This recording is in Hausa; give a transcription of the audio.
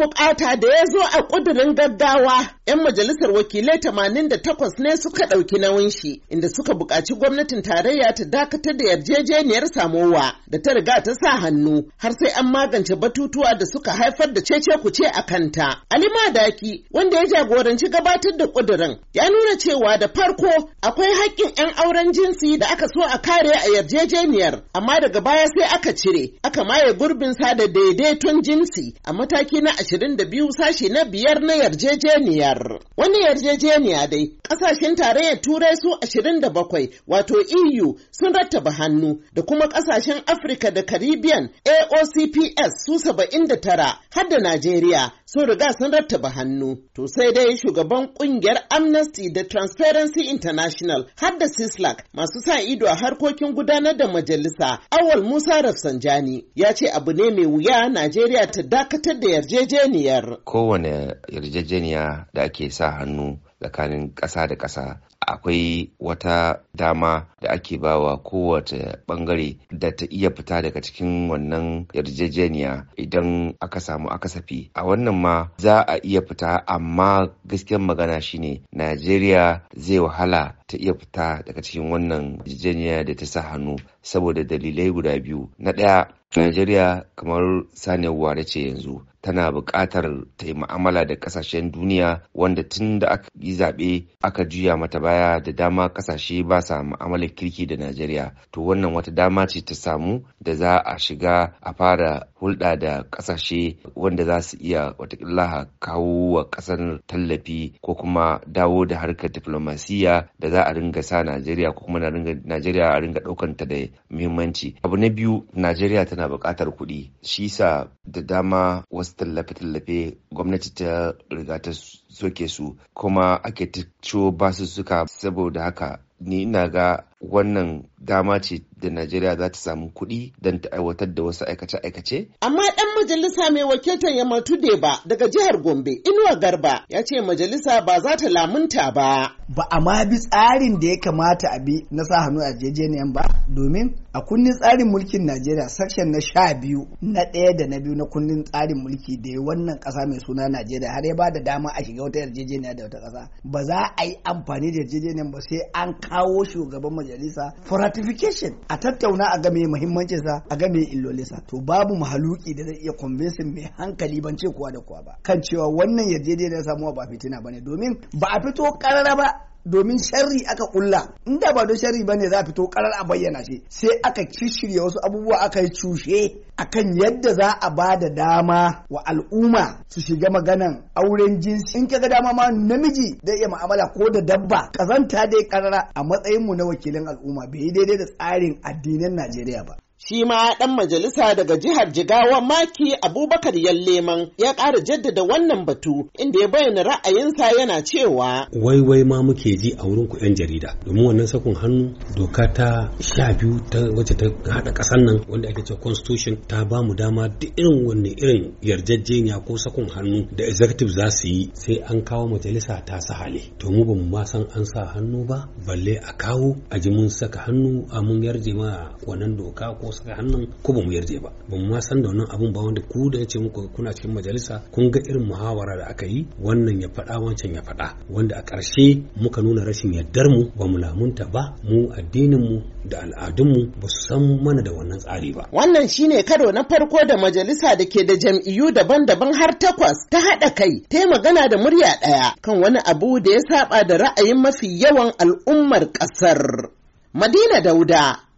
bukata da ya zo a kudurin gaggawa 'yan majalisar wakilai 88 ne suka ɗauki nauyin shi inda suka buƙaci gwamnatin tarayya ta dakatar da yarjejeniyar samowa da ta riga ta sa hannu har sai an magance batutuwa da suka haifar da cece kuce a kanta. Ali Madaki wanda ya jagoranci gabatar da kudurin ya nuna cewa da farko akwai haƙƙin 'yan auren jinsi da aka so a kare a yarjejeniyar amma daga baya sai aka cire aka maye gurbin sa da daidaiton jinsi a mataki na 22 sashe na biyar na yarjejeniyar. Wani yarjejeniya dai ƙasashen tarayyar turai su 27 wato EU sun rattaba hannu da kuma ƙasashen Afirka da Caribbean AOCPS su 79 har da Najeriya sun riga sun rattaba hannu. To sai dai shugaban ƙungiyar Amnesty da Transparency International har da Sislak masu sa ido a harkokin gudanar da majalisa Awal Musa Rafsanjani ya ce abu ne mai wuya Najeriya ta dakatar da yarjejeniya yarjejeniyar. Kowane yarjejeniya da ake sa hannu tsakanin ƙasa da ƙasa akwai wata dama da ake bawa kowace bangare da ta iya fita daga cikin wannan yarjejeniya idan aka samu akasafi a wannan ma za a iya fita amma gaskiyar magana shine najeriya zai wahala ta iya fita daga cikin wannan yarjejeniya da ta sa hannu saboda dalilai guda biyu na ɗaya Najeriya kamar saniyar ware ce yanzu tana buƙatar ta yi mu'amala da ƙasashen duniya wanda tun da aka yi zaɓe aka juya mata baya da dama ƙasashe ba sa mu'amalar kirki da Najeriya. To wannan wata dama ce ta samu da za a shiga a fara hulɗa da ƙasashe wanda za su iya watakila kawo wa ƙasar tallafi ko kuma dawo da harkar diflomasiyya da za a ringa sa Najeriya ko kuma Najeriya a ringa ɗaukanta da muhimmanci. Abu na biyu Najeriya tana suna buƙatar kuɗi shi sa da dama wasu tallafe-tallafe gwamnati ta riga ta soke su kuma ake ta ciwo basussuka saboda haka ni ina ga wannan dama ce da Najeriya za ta samu kuɗi don ta aiwatar da wasu aikace-aikace. Amma ɗan majalisa mai wakiltar Yamatude ba daga jihar Gombe Inuwa Garba ya ce majalisa ba za ta lamunta ba. Ba a ma bi tsarin da ya kamata a bi na sa hannu a jejeniyan ba domin a kundin tsarin mulkin Najeriya sashen na sha biyu na ɗaya da na biyu na kundin tsarin mulki da ya wannan ƙasa mai suna Najeriya har ya ba da dama a shiga wata yarjejeniya da wata ƙasa ba za a yi amfani da yarjejeniyan ba sai an kawo shugaban majalisa majalisa for ratification a tattauna a game muhimmancin sa a game illolinsa to babu mahaluki da zai iya convincing mai hankali ban ce kowa da kowa ba kan cewa wannan yarjejeniyar samuwa ba fitina bane domin ba a fito karara ba domin sharri aka kulla in da ba don sharri ne za a fito karar a bayyana shi sai aka kishirya wasu abubuwa aka yi cushe akan yadda za a ba da dama wa al'umma su shiga maganan auren jinsi in kaga dama ma namiji da iya ma'amala ko da dabba kazanta dai karara a matsayinmu na wakilin al'umma bai daidai da tsarin addinin Najeriya ba Shi ma ɗan majalisa daga jihar Jigawa Maki Abubakar Yalleman ya ƙara jaddada wannan batu inda ya bayyana ra'ayinsa yana cewa. Wai wai ma muke ji a wurin ku 'yan jarida domin wannan sakon hannu doka ta sha biyu ta wacce ta haɗa ƙasar nan wanda ake cewa constitution ta ba mu dama duk irin wanne irin yarjejeniya ko sakon hannu da executive za su yi sai an kawo majalisa ta sa hali to mu ba mu ma san an sa hannu ba balle a kawo a ji mun saka hannu a mun yarje ma wannan doka ko ga hannun ko ba mu yarda ba ba mu san da wannan abun ba wanda ku da ya ce muku kuna cikin majalisa kun ga irin muhawara da aka yi wannan ya faɗa wancan ya faɗa wanda a ƙarshe muka nuna rashin yardar mu ba mu lamunta ba mu addinin mu da al'adunmu ba su san mana da wannan tsari ba. Wannan shine kado na farko da majalisa da ke da jam'iyyu daban-daban har takwas ta haɗa kai ta magana da murya ɗaya kan wani abu da ya saba da ra'ayin mafi yawan al'ummar ƙasar. Madina Dauda